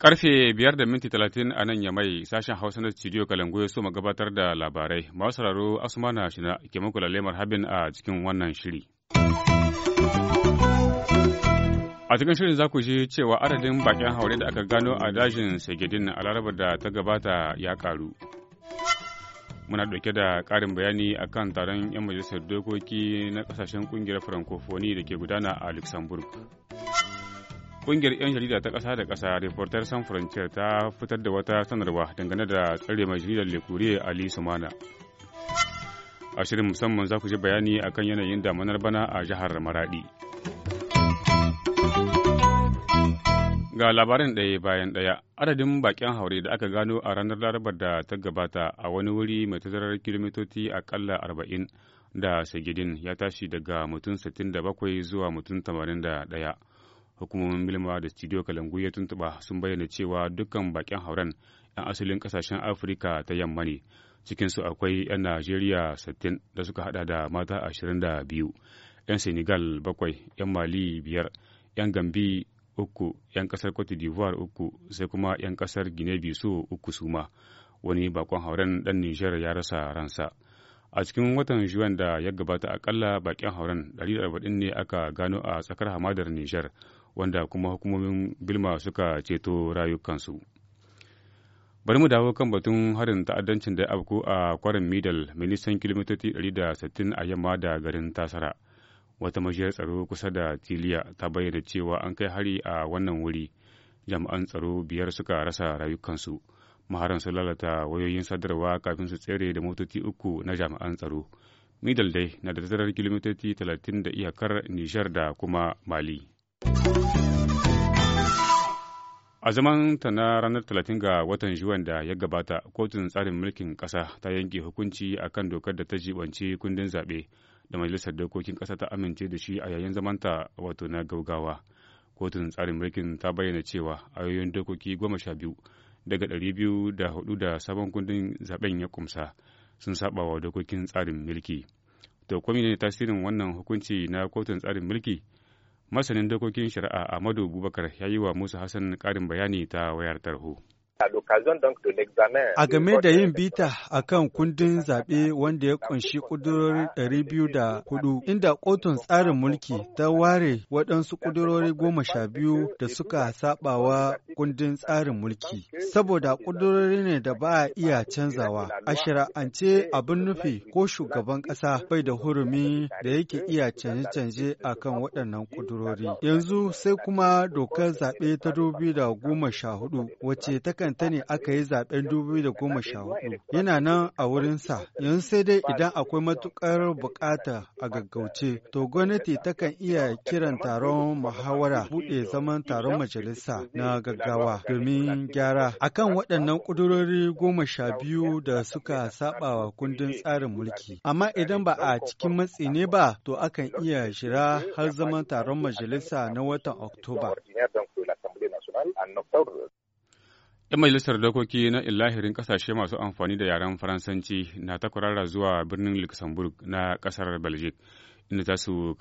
Karfe biyar da minti talatin a nan ya mai sashen Hausa na studio Kalangu ya so gabatar da labarai. Masu sauraro Asumana Shina ke muku lalemar habin a cikin wannan shiri. A cikin shirin za ku ji cewa adadin bakin haure da aka gano a dajin Segedin a larabar da ta gabata ya karu. muna dauke da ƙarin bayani akan taron 'yan majalisar dokoki na kasashen ƙungiyar francophonie da ke gudana a luxembourg ƙungiyar 'yan jarida ta ƙasa da ƙasa reporter san frontier ta fitar da wata sanarwa dangane da tsare mai jaridar lekure ali sumana a shirin musamman za ku ji bayani akan yanayin damanar bana a jihar maradi Ga labarin ɗaya bayan ɗaya, adadin bakin haure da aka gano a ranar Larabar da ta gabata a wani wuri mai tazarar kilomitoci akalla arba'in da Sagidin ya tashi daga mutum sittin da bakwai zuwa mutum tamanin da ɗaya Hukumomin Bilma da Studio Kalangu ya tuntuɓa sun bayyana cewa dukkan bakin hauren 'yan asalin ƙasashen Afirka ta yamma ne. Cikinsu akwai 'yan Najeriya sittin da suka haɗa da mata ashirin da biyu 'yan Senegal bakwai 'yan Mali biyar 'yan Gambi uku 'yan kasar cote d'ivoire uku sai kuma 'yan kasar guinea bissau uku su ma wani bakon hauren dan nijar ya rasa ransa a cikin watan juwan da ya gabata akalla bakin hauren 140 ne aka gano a tsakar hamadar nijar wanda kuma hukumomin bilma suka ceto rayukansu bari mu dawo kan batun harin ta'addancin da ya afku a kwarin midal milisan nisan kilomitoci 160 a yamma da garin tasara wata majiyar tsaro kusa da tiliya ta bayyana cewa an kai hari a wannan wuri jami'an tsaro biyar suka rasa rayukansu maharan su lalata wayoyin sadarwa kafin su tsere da motoci uku na jami'an tsaro middle dai na da tazarar kilomitoci talatin da iyakar nijar da kuma mali a zaman ta na ranar 30 ga watan juwan da ya gabata kotun tsarin mulkin ƙasa ta yanke hukunci akan dokar da ta jibanci kundin zaɓe da majalisar dokokin ƙasa ta amince da shi a yayin zamanta wato na gaugawa kotun tsarin mulkin ta bayyana cewa ayoyin dokoki goma sha biyu daga ɗari biyu da hudu da sabon kundin zaben ya kumsa sun saba wa dokokin tsarin mulki to kwami ne tasirin wannan hukunci na kotun tsarin mulki masanin dokokin shari'a amadu bubakar ya yi wa musa hassan ƙarin bayani ta wayar tarho. A game da yin bita a kan kundin zaɓe wanda ya ƙunshi ƙudurori 204, inda kotun tsarin mulki ta ware waɗansu ƙudurori goma sha biyu da suka saɓawa kundin tsarin mulki, saboda ƙudurori ne da ba a iya canzawa. A shara'ance abin nufi ko shugaban ƙasa bai da hurumi da yake iya canje-canje a kan waɗannan ƙudurori. Yanzu sai kuma dokar zaɓe ta 2014 wacce takan bangaren ta ne aka yi zaben hudu? yana nan a wurinsa yanzu sai dai idan akwai matukar bukata a gaggauce to gwamnati takan iya kiran taron muhawara bude zaman taron majalisa na gaggawa domin gyara akan waɗannan ƙudurori goma sha biyu da suka saɓawa kundin tsarin mulki amma idan ba a cikin matsi ne ba to akan iya shira har zaman taron majalisa na watan oktoba 'Yan majalisar dokoki na illahirin kasashe masu amfani da yaren Faransanci na takwarara zuwa birnin Luxembourg na kasar Belgium, inda za su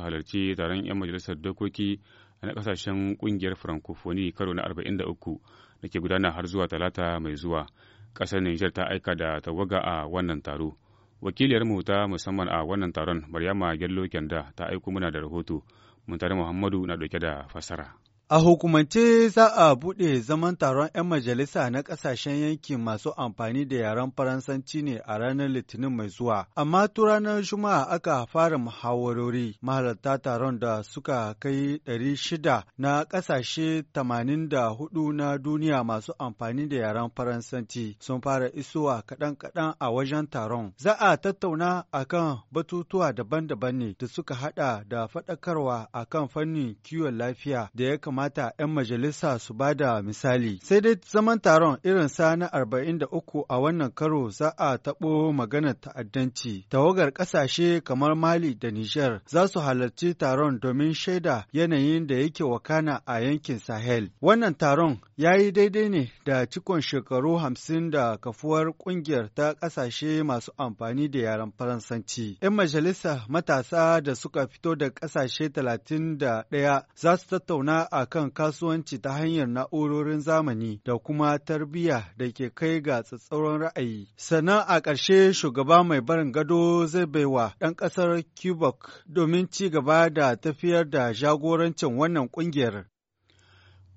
halarci taron 'yan majalisar dokoki na kasashen kungiyar Francophonie karo na 43 da ke gudana har zuwa talata mai zuwa. Kasar niger ta aika da tawaga a wannan taro. wakiliyar ta musamman a wannan taron, Maryama Gello Kenda, ta aiko muna da rahoto. Muntari Muhammadu na ɗauke da fasara. A hukumance za a buɗe zaman taron 'yan majalisa na ƙasashen yanki masu amfani da yaren Faransanci ne a ranar Litinin mai zuwa, amma tu ranar Juma'a aka fara muhawarori mahalarta taron da suka kai 600 na ƙasashe tamanin da hudu na duniya masu amfani da yaren Faransanci sun fara isowa kaɗan-kaɗan a wajen taron. Za a tattauna akan batutuwa daban-daban ne da suka haɗa da faɗakarwa akan fannin kiwon lafiya da ya kamata kamata 'yan majalisa su ba da misali. Sai dai zaman taron irin sa na arba'in da uku a wannan karo za a taɓo maganar ta'addanci. Tawagar ƙasashe kamar Mali da Nijar za su halarci taron domin shaida yanayin da yake wakana a yankin Sahel. Wannan taron ya yi daidai ne da cikon shekaru hamsin da kafuwar ƙungiyar ta ƙasashe masu amfani da yaren Faransanci. 'Yan majalisa matasa da suka fito da ƙasashe talatin da ɗaya za su tattauna a Akan kasuwanci ta hanyar na'urorin zamani da kuma tarbiyya da ke kai ga tsatsauran ra'ayi. Sannan a ƙarshe shugaba mai barin gado zai baiwa ɗan ƙasar Quebec domin ci gaba da tafiyar da jagorancin wannan ƙungiyar.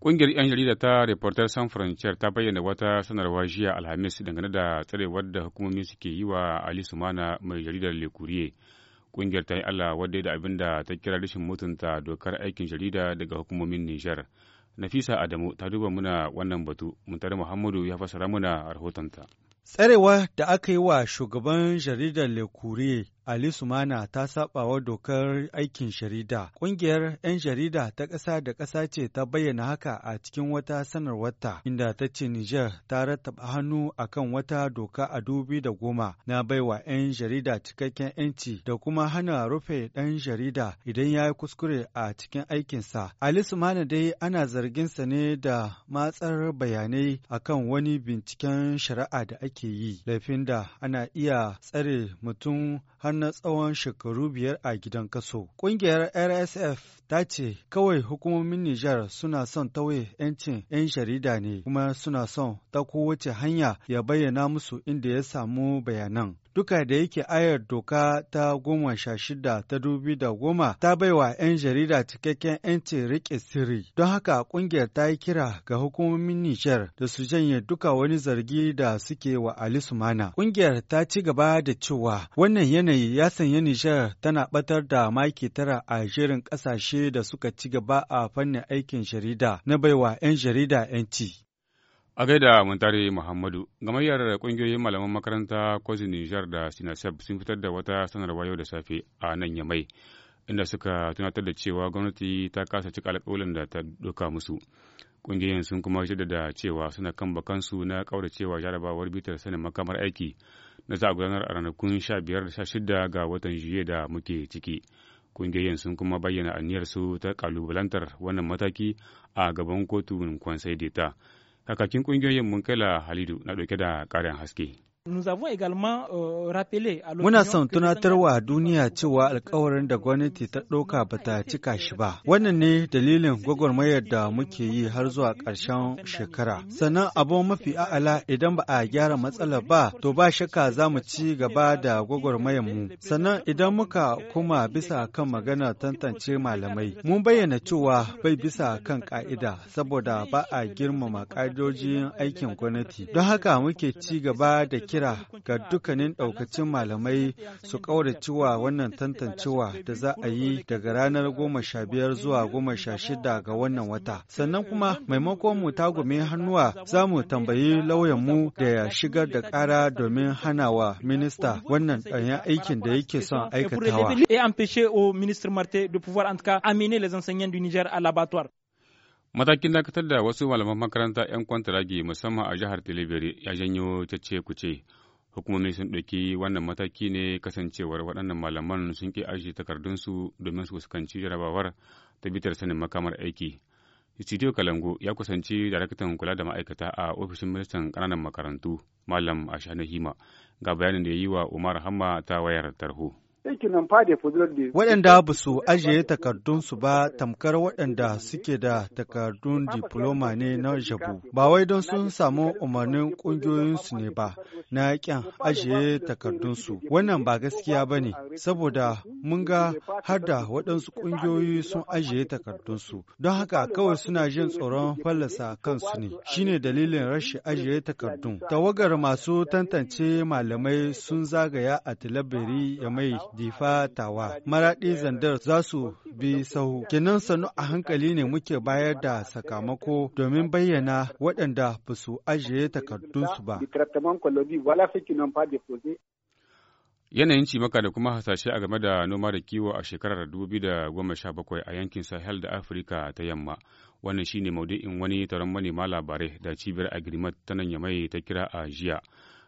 Ƙungiyar 'yan jarida ta Reporter San Frontier ta bayyana wata sanarwa jiya Alhamis dangane da tsarewar da hukumomi suke yi wa Ali Sumana mai jaridar Le Ƙungiyar ta yi Allah wadda da abin da ta kira rashin mutunta dokar aikin jarida daga hukumomin Nijar. Nafisa Adamu ta duba muna wannan batu, Muntari Muhammadu ya fasara muna rahotonta. Tsarewa da aka yi wa shugaban jaridar lekure Ali Sumana ta saba wa dokar aikin jarida. Ƙungiyar 'yan jarida ta ƙasa da ƙasa ce ta bayyana haka a cikin wata sanarwarta inda ta ce Nijar ta rattaba hannu akan wata doka a dubi da goma na baiwa 'yan jarida cikakken 'yanci da kuma hana rufe ɗan jarida idan ya yi kuskure a cikin aikinsa. Ali Sumana dai ana zarginsa ne da matsar bayanai akan wani binciken shari'a da ake yi, laifin da ana iya tsare mutum har na tsawon shekaru biyar a gidan kaso. Ƙungiyar RSF ta ce kawai hukumomin Nijar suna son tauye 'yancin 'yan jarida ne kuma suna son ta kowace hanya ya bayyana musu inda ya samu bayanan. duka da yake ayar doka ta goma sha shida ta dubi da goma ta baiwa 'yan jarida cikakken 'yanci rike sirri don haka ƙungiyar ta yi kira ga hukumomin nijar da su janye duka wani zargi da suke wa ali sumana kungiyar ta ci gaba da cewa wannan yanayi Mali ya sanya Nijar tana batar da maki tara a shirin kasashe da suka ci gaba a fannin aikin jarida na baiwa 'yan jarida 'yanci. A gaida Muntari Muhammadu, gamayyar ƙungiyoyin malaman makaranta kwazin Nijar da Sinasab sun fitar da wata sanarwa yau da safe a nan Yamai, inda suka tunatar da cewa gwamnati ta kasa cika alƙawalin da ta doka musu. Ƙungiyoyin sun kuma jaddada cewa suna kan bakansu na cewa jarabawar bitar sanin makamar aiki. na za a gudanar a ranakun 15 16 ga watan juye da muke ciki. Kungiyoyin sun kuma bayyana aniyarsu ta kalubalantar wannan mataki a gaban kotun kwansai data. Kakakin kungiyoyin la Halidu na ɗauke da ƙarin haske. Euh, Muna son tunatarwa duniya cewa alkawarin da gwamnati ta ɗauka ba ta cika shi ba. Wannan ne dalilin gwagwarmayar da muke yi har zuwa ƙarshen shekara. Sannan abu mafi a'ala idan ba a gyara matsalar ba, to ba shakka za mu ci gaba da gwagwarmayar mu. Sannan idan muka kuma bisa kan magana tantance malamai, mun bayyana cewa bai bisa kan ƙa'ida saboda ba a girmama ƙa'idojin aikin gwamnati. Don haka muke ci gaba da kira ga dukkanin ɗaukacin malamai su ƙauracewa wannan tantancewa da za a yi daga ranar goma sha biyar zuwa goma sha shida ga wannan wata. Sannan kuma maimakon mu tagume hannuwa za mu tambayi lauyanmu da ya shigar da kara domin hana wa minista wannan ɗanyen aikin da yake son aikatawa. Matakin dakatar da wasu malaman makaranta 'yan kwantaragi musamman a jihar Tilibiri ya janyo cece kuce. Hukumomi sun ɗauki wannan mataki ne kasancewar waɗannan malaman sun ƙi aji takardunsu domin su fuskanci jarabawar ta bitar sanin makamar aiki. Studio kalangu ya kusanci daraktan kula da ma'aikata a ofishin ministan ƙananan makarantu Malam Ashanu Hima ga bayanin da ya yi wa Umar Hamma ta wayar tarho. Waɗanda ba su ajiye takardunsu ba tamkar waɗanda suke da takardun diploma ne na jabu, ba wai don sun samu umarnin ƙungiyoyinsu ne ba na ƙyan ajiye takardunsu. Wannan ba gaskiya ba ne, saboda mun ga har da waɗansu ƙungiyoyi sun ajiye takardunsu. Don haka kawai suna jin tsoron fallasa kansu ne, shine dalilin rashin ajiye takardun. Tawagar masu tantance malamai sun zagaya a Tilabiri ya mai difatawa Maraɗi Zandar za su bi sahu. Kinan sanu a hankali ne muke bayar da sakamako domin bayyana waɗanda ba su ajiye takardunsu ba. Yanayin cimaka da kuma hasashe a game da noma da kiwo a shekarar 2017 a yankin Sahel da Afirka ta yamma. Wannan shine maudu'in wani taron manema labarai da cibiyar Agrimat ta nan mai ta kira a jiya.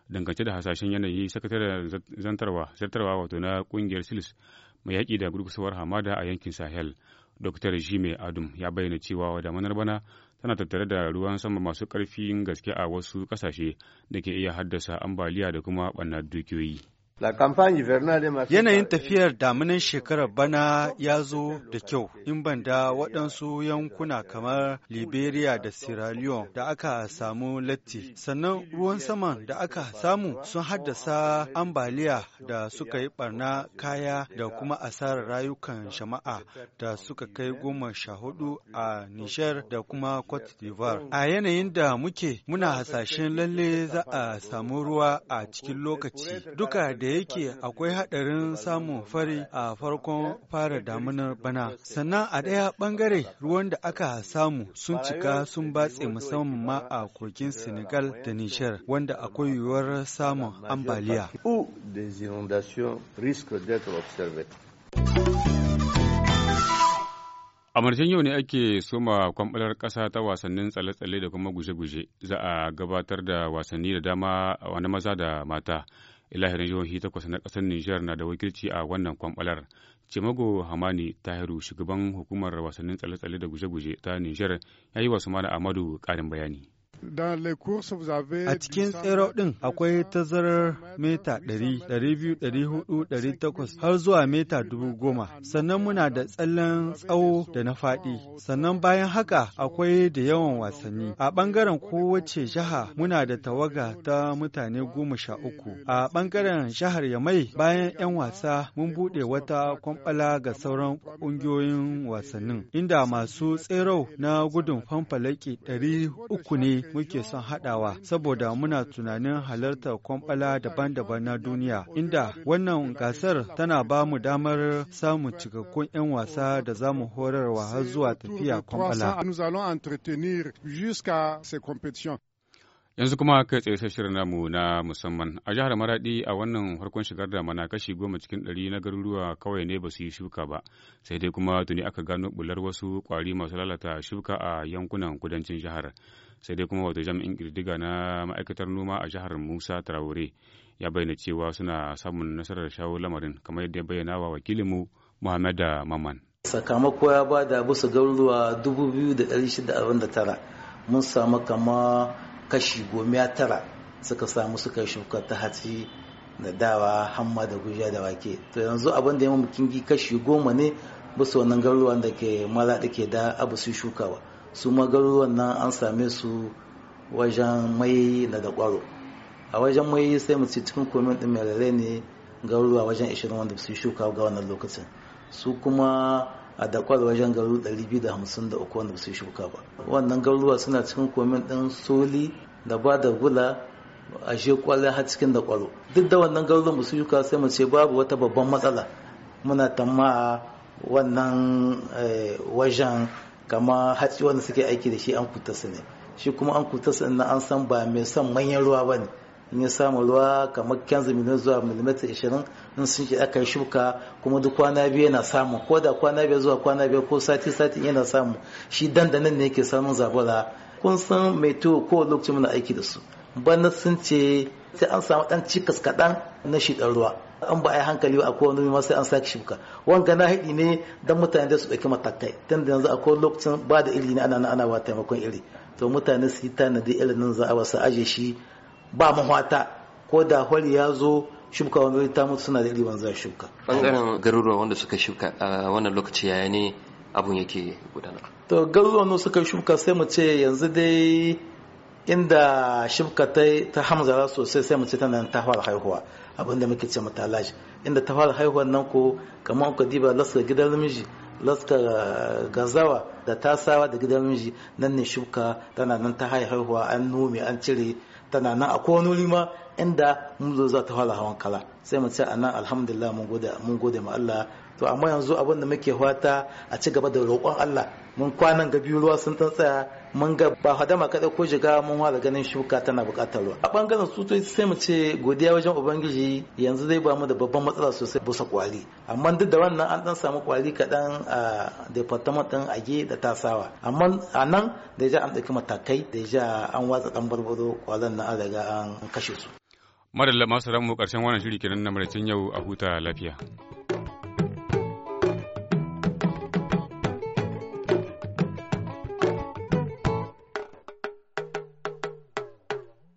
dangance da hasashen yanayi sakatare zantarwa zartarwa wato na kungiyar silis mai yaƙi da gurgusawar hamada a yankin sahel dr jime adum ya bayyana cewa damanar bana tana tattare da ruwan sama masu ƙarfin gaske a wasu ƙasashe da ke iya haddasa ambaliya da kuma ɓannar dukiyoyi Yanayin ¿eh? tafiyar damunan shekarar bana ya zo da kyau, in banda waɗansu yankuna kamar Liberia da Sierra Leone da aka samu latti. Sannan ruwan saman da aka samu sun haddasa ambaliya da suka yi barna kaya da kuma asarar rayukan jama'a da suka kai goma sha hudu a Nijar da kuma Cote d'Ivoire. A yanayin da muke muna hasashen lalle za a samu ruwa a cikin lokaci. Duka da yake akwai haɗarin samun fari a farkon fara damunar bana. Sannan a ɗaya ɓangare ruwan da aka samu sun cika sun batse musamman ma a kogin Senegal da Nishar wanda akwai yiwuwar samun ambaliya. A martin yau ne ake soma kwamɓalar ƙasa ta wasannin tsale-tsale da kuma guje-guje za a gabatar da wasanni da dama wani maza da mata. ilahirin jihohi takwas na kasar Nijar na da wakilci a wannan kwamɓalar. Cimago Hamani Tahiru shugaban hukumar wasannin tsale-tsale da guje-guje ta Nijar ya yi wasu mana Amadu ƙarin bayani. A cikin tsero ɗin akwai tazarar mita 100, 200, 400, har zuwa mita 10,000. Sannan muna da tsallen tsawo da na faɗi. Sannan bayan haka akwai da yawan wasanni. A ɓangaren kowace jiha muna da tawaga ta mutane goma sha uku. A ɓangaren jihar Yamai bayan 'yan wasa mun buɗe wata kwamfala ga sauran ƙungiyoyin wasannin. Inda masu tsero na gudun fanfalaki ɗari ne muke son haɗawa saboda muna tunanin halartar kwamfala daban-daban na duniya inda wannan gasar tana ba mu damar samun cikakkun 'yan wasa da za mu horarwa har zuwa tafiya kwamfala. Yanzu kuma kai tsaye sai shirin namu na musamman a jihar Maradi a wannan farkon shigar da mana kashi goma cikin ɗari na garuruwa kawai ne ba su yi shuka ba sai dai kuma tuni aka gano bular wasu kwari masu lalata shuka a yankunan kudancin jihar sai dai kuma wato jami'in kirdiga na ma'aikatar noma a jihar Musa Traore ya bayyana cewa suna samun nasarar shawo lamarin kamar yadda ya bayyana wa wakilinmu Muhammad Maman. Sakamako ya bada bisa garuruwa tara mun samu kama kashi goma tara suka samu suka shuka ta hatsi da dawa hamma da guja da wake to yanzu abin da ya mamu kingi kashi goma ne bisa wannan garuruwan da ke mara da ke da abu su shuka ba su ma garuruwan nan an same su wajen mai na da kwaro a wajen mai sai mu ci cikin komin din mai ne garuruwa wajen 20 wanda su shuka ga wannan lokacin su kuma a dakwal wajen garu 253 wanda su shuka ba wannan garuruwa suna cikin komin ɗin soli da ba da gula a je kwallo har cikin da kwaro duk da wannan garuruwan su shuka sai mu ce babu wata babban matsala muna tamma wannan eh, wajen kama hatsi wanda suke aiki da shi an kuta su ne shi kuma an kuta su an san ba mai son manyan ruwa ba ne in ya samu ruwa kamar kyan zuminin zuwa milimetar ishirin in sun ce aka yi shuka kuma duk kwana biyu yana samu ko da kwana biyu zuwa kwana biyu ko sati sati yana samu shi dandanan ne yake samun zabura kun san mai tuwo ko lokacin muna aiki da su bana sun ce sai an samu dan cikas kaɗan na shi dan ruwa an ba a yi hankali ba kowane ma sai an sake shuka wanga na haɗi ne dan mutane da su ɗauki matakai tun da yanzu kowane lokacin ba da iri ne ana ana ba taimakon iri to mutane su yi tanadi irin nan za a wasu aje shi ba mahwata ko da hori ya zo shuka wani ta mutu suna da iri wanzu shuka bangaren garuruwa wanda suka shuka a wannan lokaci yaya ne abun yake gudana to garuruwan wanda suka shuka sai mu ce yanzu dai inda shibka ta ta hamzara sosai sai mu ce tana ta fara haihuwa abinda muke ce mata laji inda ta fara haihuwa nan ko kamar ku diba lasa gidan namiji lasta gazawa da tasawa da gidan miji nan ne shuka tana nan ta haihuwa an nome an cire tana nan a kowane wuri ma inda mun za ta fara hawan kala sai mu ce anan alhamdulillah mun gode mun gode ma Allah to amma yanzu abin da muke fata a ci gaba da roƙon Allah mun kwanan ga biyu ruwa sun tsaya mun ga ba hadama kada ko jiga mun fara ganin shuka tana bukatar ruwa a bangaren tsutsotsi sai mu ce godiya wajen ubangiji yanzu zai ba mu da babban matsala sosai busa kwali amma duk da wannan an dan samu kwali kaɗan a department din age da tasawa amma a nan da ja an dauki matakai da ja an watsa dan barbaro kwalan na an an kashe su madalla masu mu ƙarshen wannan shiri kenan na maraicin yau a huta lafiya